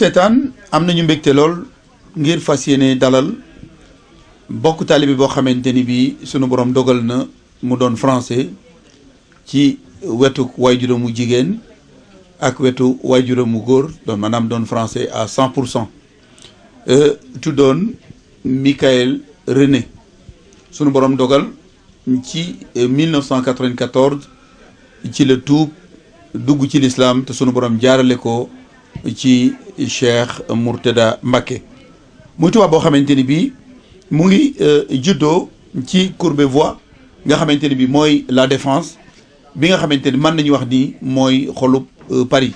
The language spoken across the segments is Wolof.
seetaan am nañu mbégte lool ngir fas yéene dalal bokk taalibe boo xamante ni bii sunu borom dogal na mu doon français ci wetu waajuram mu jigéen ak wetu waajuram mu góor doon maanaam doon français à cent pour cent euh, tuddoon Michael René sunu borom dogal ci 1994 euh, ci la tuub dugg ci lislaam te sunu borom jaarale ko. ci Cheikh Mourtada Mbacké muy tubaab boo xamante ni bii mu ngi euh, juddoo ci Courbevoie nga xamante ni bii mooy la défense bi nga xamante ni mën nañu wax ni mooy xolub euh, Paris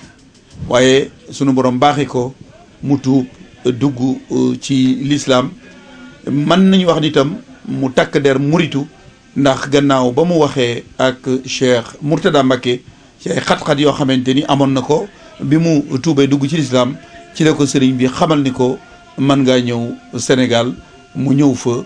waaye sunu borom baaxee ko mu tuub dugg euh, ci l'islam mën nañu wax ni itam mu takk der muritu ndax gannaaw ba mu waxee ak Cheikh Mourtada Mbacké ci ay xat-xat yoo xamante ni amoon na ko bi mu tuubee dugg ci lislaam ci la ko sëriñ bi xamal ni ko man ngaa ñëw Sénégal mu ñëw fa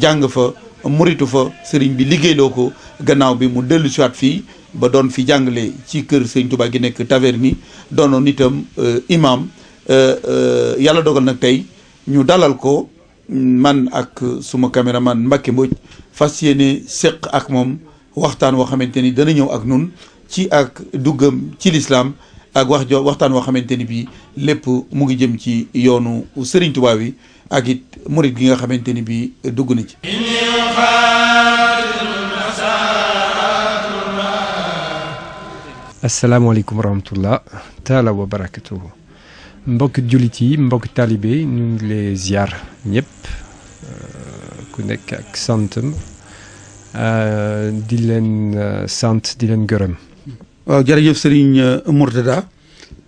jàng fa muritu fa sëriñ bi liggéeyloo ko gannaaw bi mu dellu siwaat fii ba doon fi jàngale ci kër sëriñ Tuubaa gi nekk Taverny doonoon itam euh, imam euh, euh, yàlla dogal nag tey ñu dalal ko man ak suma caméraman Mbacke Mbodj fas yéene séq ak moom waxtaan woo xamante ni dana ñëw ak nun ci ak duggam ci lislaam ak wax jo waxtaan woo xamante ni bii lépp mu ngi jëm ci yoonu Serigne Touba wi ak it murit gi nga xamante ni bii dugg na ci. asalaamaaleykum wa rahmatullah taala wa barakatuhu mbokk jullit yi mbokk taalibe ñu ngi lay ziar ñëpp euh, ku nekk ak santam euh, di leen euh, sant di leen gërëm. waaw jërëjëf Serigne euh, Mourtada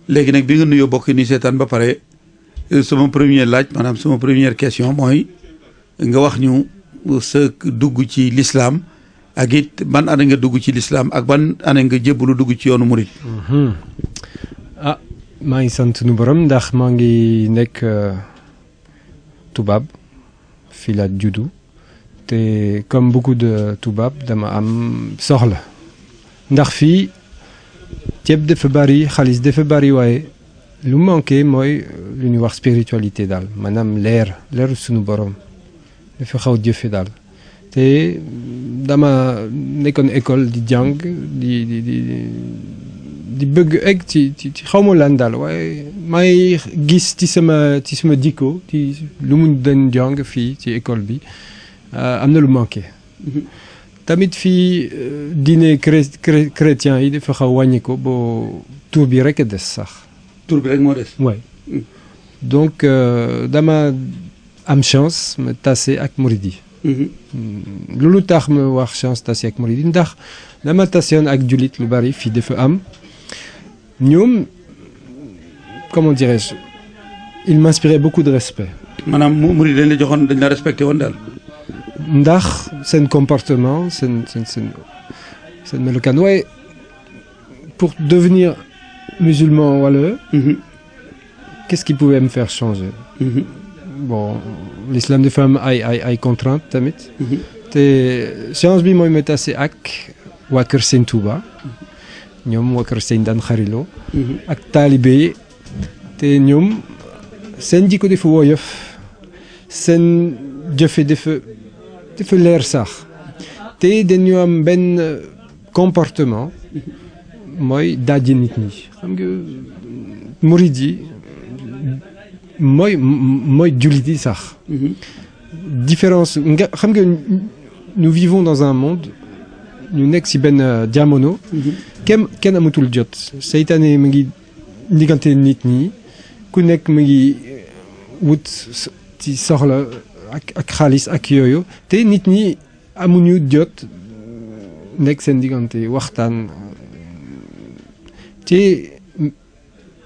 léegi nag bi nga nuyoo bokk ni seetaan ba pare euh, suma premier laaj maanaam suma première question mooy nga wax ñu euh, sa dugg ci lislaam ak it ban année nga dugg ci lislaam ak ban année nga jébbalu dugg ci yoonu murit mhm. ah maa ngi sant nu borom ndax maa ngi nekk tubaab fii laa juddu te comme beaucoup de tubaab dama am soxla ndax fii ceeb dafa bari xaalis dafa bari waaye lu manqué mooy lu ñuy wax spiritualité daal maanaam leer leer suñu borom dafa xaw jëfe daal te dama nekkoon école di jàng di bëgg egg ci ci ci xawma lan daal waaye may gis ci sama ci sama dikko ci lu mu doon jàng fii ci école bi euh, am na lu manqué mm-hmm. tamit fii eh, diine chrétien yi dafa xaw wàññi ko ba tur rek a des sax. tur bi rek moo mm. donc euh, dama am chance ma tase ak murid yi. Mm-hmm. Mm, lu tax ma wax chance tase ak murid yi ndax dama taseyoon ak jullit lu bari fii dafa am ñoom comment dirais-je il m'inspirait beaucoup de respect. maanaam murid dañ la joxoon dañ la respecté woon daal. ndax seen comportement seen seen seen seen melokaan waaye pour devenir musulman wala. Mhm. qu'est-ce qui pouvait faire changer. Mhm. bon l'islam dafa am ay ay ay contraintes tamit. Mhm. te science bi mooy ma tase ak waa Kër Sëñ Touba. ñoom waa Kër Sëñ daan ak taalibe te ñoom seen jikko dafa woyof seen jëfe dafa. dafa leer sax te dañu am benn comportement mooy dajji nit ñi xam nga mooy mooy jullit sax mhm. différence nga xam nga nous vivons dans un monde ñu nekk si benn jamono mhm. kenn kenn amatul jot seytaane mu ngi diggante nit ñi ku nekk mu ngi wut ci soxla ak ak xaalis ak yooyu te nit ñi amuñu jot euh, nekk seen diggante waxtaan ci euh,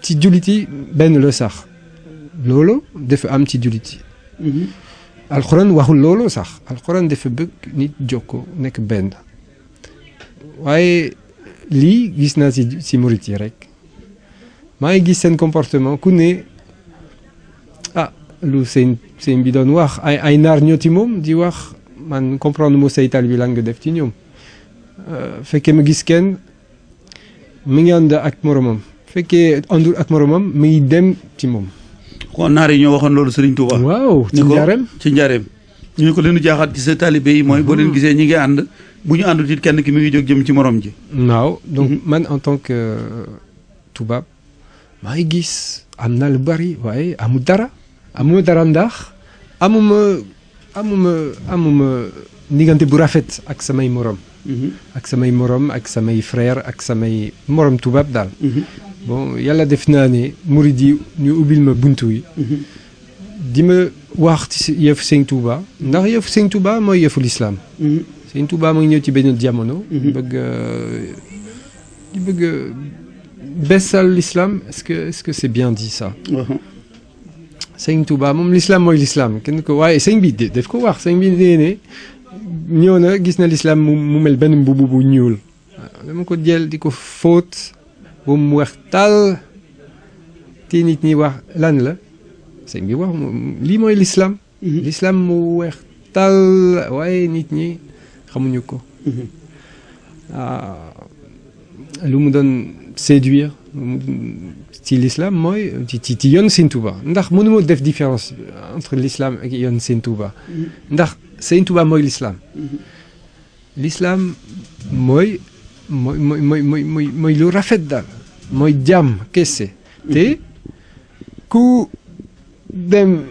ci jullit yi benn la sax loolu dafa am ci jullit yi. Mhm. alxuraan waxul loolu sax alxuraan dafa bëgg nit jokkoo nekk benn waaye lii gis naa ci ci murit yi rek maa ngi gis seen comportement ku ne. lu sëñ sëñ bi doon wax ay naar ñoo ti moom di wax man comprendre mo saytal bi lan nga def ci ñoom euh, fekkee ma gis kenn mi ngi ànd ak moromam fekkee àndul ak moromam mi ngi dem ci moom. kon naar yi ñoo waxoon loolu Serigne Touba. waaw ci njaareem ci njaareem. ñu ne ko leen jaaxaat ci sa taalibe mooy boo leen mm-hmm. gisee ñi ngi ànd bu ñu àndul ci kenn ki mi ngi jóg jëm ci morom ji. waaw donc mm-hmm. man en tant que euh, tubaab maa ngi gis am na lu bari waaye amul dara. darandaax amuma amuma amuma diggante bu rafet ak samay morom. Mhm. ak samay morom ak samay frère ak samay morom tubaab daal. Mhm. bon yàlla def naa ne murid yi ñu ubbil ma buntu yi. Mhm. di ma wax ci yëf Sëñ Touba ndax yëf Sëñ Touba mooy yëfu lislaam. Sëñ Touba mooy ñëw ci benn jamono. bëgg di bëgg bessal l'islam est-ce que est-ce que c'est bien dit ça. Uh-huh. sëñ Touba moom l'islam mooy l'islam kenn ko waaye sëñ bi def ko wax sëñ bi nee ne ñëw na gis na l'islam mu mel benn mbubu bu ñuul waaw dama ko jël di ko fóot ba mu wax taal te nit ñi wax lan la sëñ bi wax lii mooy l'islam mhm. l'islam mu wax taal waaye nit ñi xamuñu ko mhm. ah, lu mu doon séduire ci l'islam mooy ci ci ci yoon Sëñ Tuuba ndax mënuma def différence entre l'islam ak yoon Sëñ ndax Sëñ Tuuba mooy l'islam l'islam mooy mooy mooy mooy lu rafet daal mooy jàmm kese te ku dem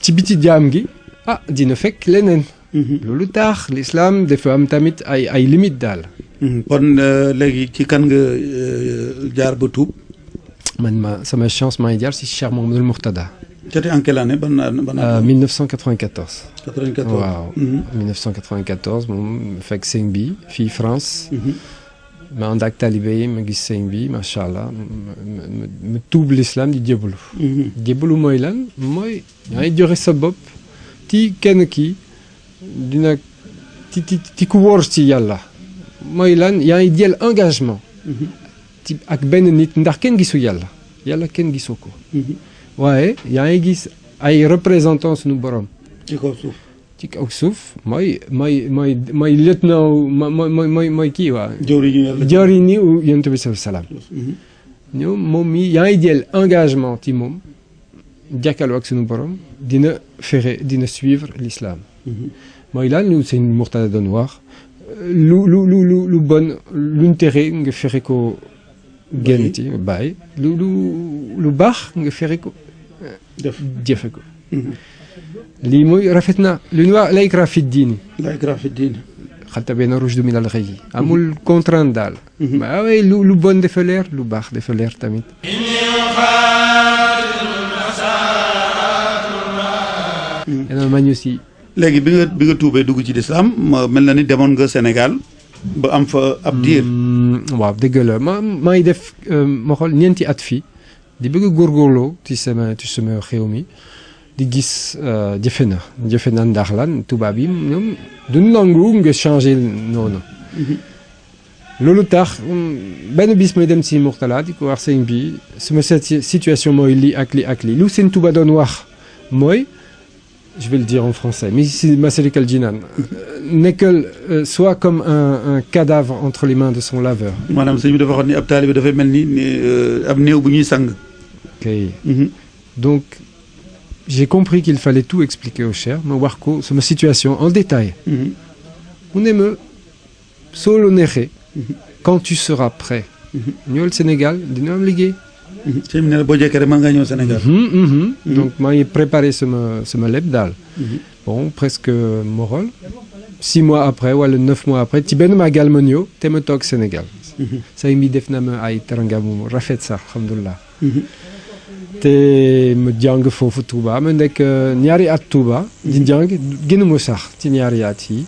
ci biti jàmm gi ah, dina fekk leneen mhm. lu taax l'islam dafa am tamit ay ay limite daal Mhm. kon euh, léegi ci kan nga euh, jaar ba tuub. man ma sama chance maa ngi jaar si Cheikh Mouhamadoul Mourtada. c'était en quelle année ban ban. 1994. Euh, mhm. fekk sëñ bi fii France. Mhm. ma ànd ak ma gis sëñ bi macha allah ma tuub l'islam di jébalu. jébalu mooy lan mooy. yaa ngi joxe sa bopp ci kii dina ci ku wóor ci yàlla. mooy lan yaa ngi jël engagement. ci mhm. ak benn nit ndax kenn gisu yàlla yàlla kenn gisu ko. Mhm. waaye yaa ngi gis ay représentants suñu borom. ci kaw suuf ci suuf mooy mooy mooy mooy lieutenant mooy mooy mooy mooy kii waa. jawriñ yi ou yonent bi salaam. ñoom yaa ngi jël engagement ci moom. jàkkaarloo ak suñu borom dina fexe dina suivre l'islam. Mhm. mooy lan lu seen Murtada doon wax lu lu lu lu bon luñ tere nga fexe ko génn ci bàyyi lu lu lu baax ngi fexe ko def jëfe ko mhm. lii mooy rafet na lu ñu la ikra fi diini la ikra fi diini xatta benn amul mhm. contrainte daal ma mhm. lu bon dafa leer lu baax dafa leer tamit enoon ma ñu si léegi bi nga bi nga tuubee dugg ci lislaam mel na ni demoon nga Sénégal ba am fa ab diir. Mm, waaw dëgg la ma may def euh, ma xool ñeenti at fii di bëgg a góorloo ci sama ci sama xew mi di gis euh, jëfe na jëfe na ndax lan tubaab yi ñoom du nangu nga changé noonu. loolu tax benn bis may dem si Mourtala di ko wax sëñ bi sama situation mooy lii ak lii ak lii lu seen tubaab doon wax mooy. je vais le dire en français, mais c'est Masalik al-Jinan, soit comme un un cadavre entre les mains de son laveur. maanaam sëñ bi dafa ni ab taalibe dafay mel ni euh, ab néew bu ñuy sang. ok mhm. donc j'ai compris qu'il fallait tout expliquer au cher ma wax ko sama situation en détail. Mhm. mu ne ma soo mhm. quand tu seras prêt. ñëwal Sénégal dina am liggéey. sëñ bi ne la boo jekkee rek mën ngaa ñëw Sénégal. Mhm, mhm. Mhm. donc maa ngi préparé sama sama lépp daal. bon presque ma xool six mois après wala neuf mois après ci benn màggal ma ñëw te ma toog Sénégal. sëñ bi def na ma ay teranga mu rafet sax alhamdulilah. te ma jàng foofu Touba ma nekk euh, ñaari at Touba. di jàng gënu ma sax ci ñaari at yi.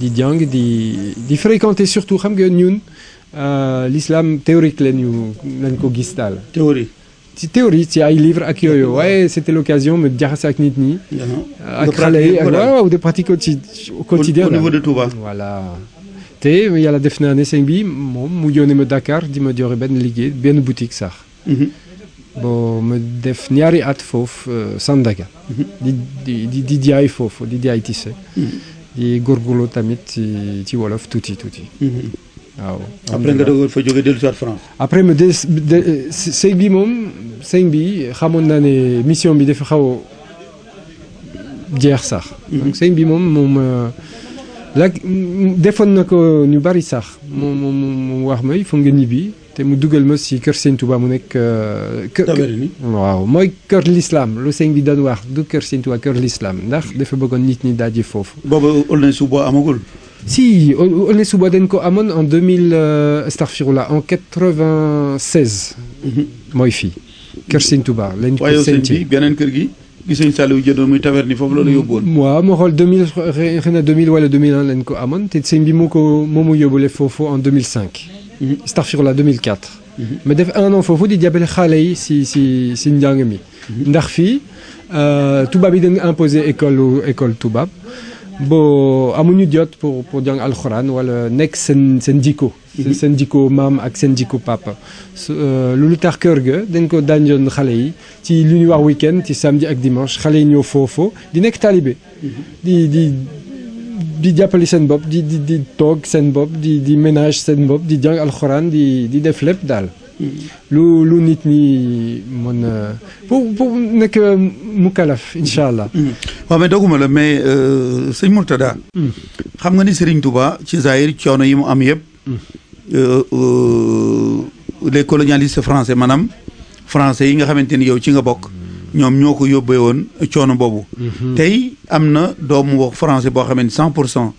di jàng di fréquenter surtout xam nga Euh, l'islam théorique la ko gis daal. théorie. ci théorie ci ay livre ak yooyu waaye c'était l'occasion ma jaxase ak nit ñi. Uh-huh. ak xale yi ak de pratique au quotidien au niveau de Touba. voilà te yàlla def naa ne sëñ bi moom mu yónnee ma Dakar di ma joxe benn liggéey benn boutique sax. Mm-hmm. bon ma def ñaari at foofu euh, Sandaga. Mm-hmm. di di di jaay foofu di jaay tisse. Mm-hmm. di góorgóorlu tamit ci ci wolof tuuti waaw après nga doog fa jógee dellu si waat après ma des sëy bi moom sëñ bi xamoon naa ne mission bi dafa xaw jeex sax. Mhm. donc sëñ bi moom moom euh, la defoon na ko ñu bari sax moom moom wax may fu nga ñibbi te mu dugal ma si kër sëñ Touba mu nekk. Euh, waaw mooy kër lislaam lu sëñ bi doon wax du kër sëñ Touba kër l'islam ndax dafa bëggoon nit ñi daje foofu. boobu ol amagul. si Ones Ubba dañ ko amoon en 2000 astaghfirullah euh, en 96. Mhm. mooy fii Kër Sëñ Touba lañ ko senti waaye beneen kër gi gis nañ Saliou jëndoon muy taverne foofu loolu mm, yóbbuwoon. waaw moo xool 2000 xëy na 2000 wala 2001 lañ ko amoon te sëñ bi moo ko moo mu yóbbule foofu en 2005. Mhm. Mhm. ma def un an foofu di jàppale xale yi si si si njàng mi. ndax fii euh, tubaab yi den imposé école école tubaab. boo amuñu jot pour pour jàng alxuraan wala nekk seen seen jikko seen jikko maam ak seen jikko papa euh, lu tax kër ga dañ ko dànjoon xale yi ci lu ñuy wax week-end ci samedi ak dimanche xale yi ñoo foofoo di nekk taalibe mhm. di di di jàppale seen bopp di di di toog seen bopp di di ménage seen bopp di jàng alxuraan di di def lépp daal mhm. lu lu nit ñi mën pour nekk mukalaf incha allah mhm. waaw mais doguma la mais euh, sëñ Mourtada hmm. xam nga ni Serigne Touba ci Zahir coono yi mu am yëpp hmm. euh, euh, les colonialistes français maanaam français yi nga xamante ni yow ci nga bokk ñoom ñoo ko yóbbee woon coono boobu hmm. tey am na doomu wax français boo xamante cent pour cent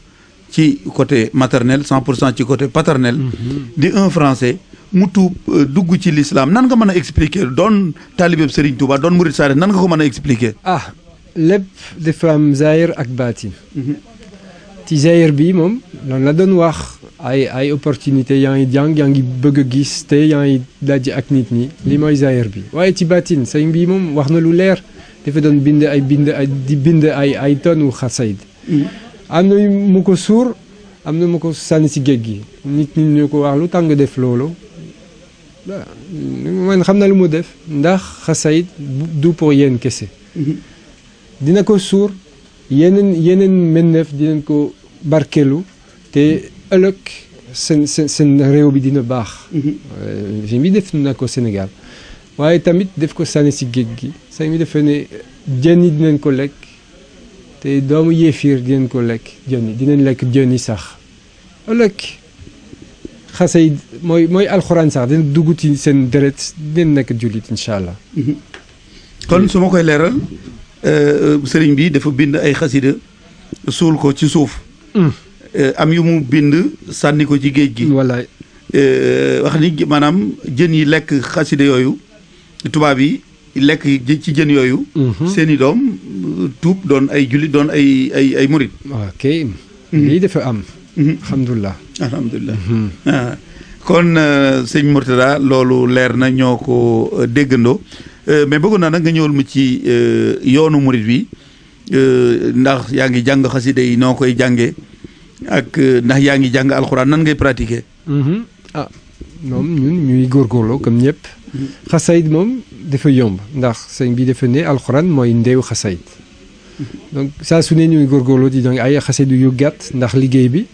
ci côté maternel cent pour cent ci côté paternel di un français mu tuub dugg ci l'islam nan nga mën a expliquer doon taalibeb Serigne Touba doon murid saare nan nga ko mën a expliquer ah, lépp dafa am ak batin ci mhm. zaahir bi moom loolu la doon wax ay ay opportunité yaa ngi jàng yaa ngi bëgg a gis te yaa ngi daje ak nit ñi li mooy zaahir bi waaye ci baatin sëñ bi moom wax na lu leer dafa doon bind ay bind ay di bind ay ay tonnu xasayd mhm. am na mu ko suur am na mu ko sànni si géej gi nit ñi ñoo ko wax lu tàng def loolu man xam na lu mu def ndax xasayd du pour yéen kese mhm. dina ko suur yeneen yeneen menneef dinañ ko barkeelu te ëllëg seen seen réew bi dina baax fi mhm. mi def na ko Sénégal waaye tamit def ko sànni si géej gi sañ mi ne jën yi dinañ ko lekk te doomu yéefiir dinañ ko lekk jën yi dinañ lekk jën yi sax ëllëg xase yi mooy mooy alxuraan sax dina dugg ci seen deret dinañ nekk jullit incha allah mhm. kon su ma Euh, sëriñ bi dafa bind ay xasida suul ko ci suuf mm. euh, am yu mu bind sànni ko ci géej gi wallaay euh, wax ni maanaam jën yi lekk xasida yooyu tubaab yi lekk ci jën yooyu mm-hmm. seeni doom tuub doon ay jullit doon ay ay ay murit ok mm-hmm. lii dafa am mm-hmm. alhamdulilah ah. kon sëñ Mourtada loolu leer na ñoo ko déggandoo Euh, mais bëggoon naa nag nga ñëwal ma ci euh, yoonu murit bi euh, ndax yaa ngi jàng xasida yi noo koy jànge ak ndax yaa ngi jàng alxuraan nan ngay pratiquer. Mm-hmm. ah moom ñun ñuy góorgóorloo comme ñëpp. Mm-hmm. xasayit moom dafa yomb ndax sëñ bi dafa ne alxuraan mooy ndeewu xasayit mm-hmm. donc saa su ne ñuy góorgóorloo di jàng ay xasayit yu gàtt ndax liggéey bi.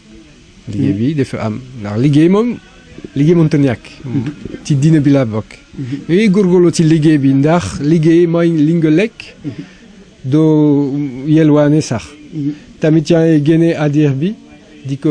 liggéey bi dafa am ndax liggéey moom. liggéey mënta ñàkk mhm. ci diina bi laa bokk mhm. yooyu góorgóorlu ci liggéey bi ndax liggéey mooy li nga lekk mhm. doo yelwaane sax tamit yaa ngi génne addiya bi di ko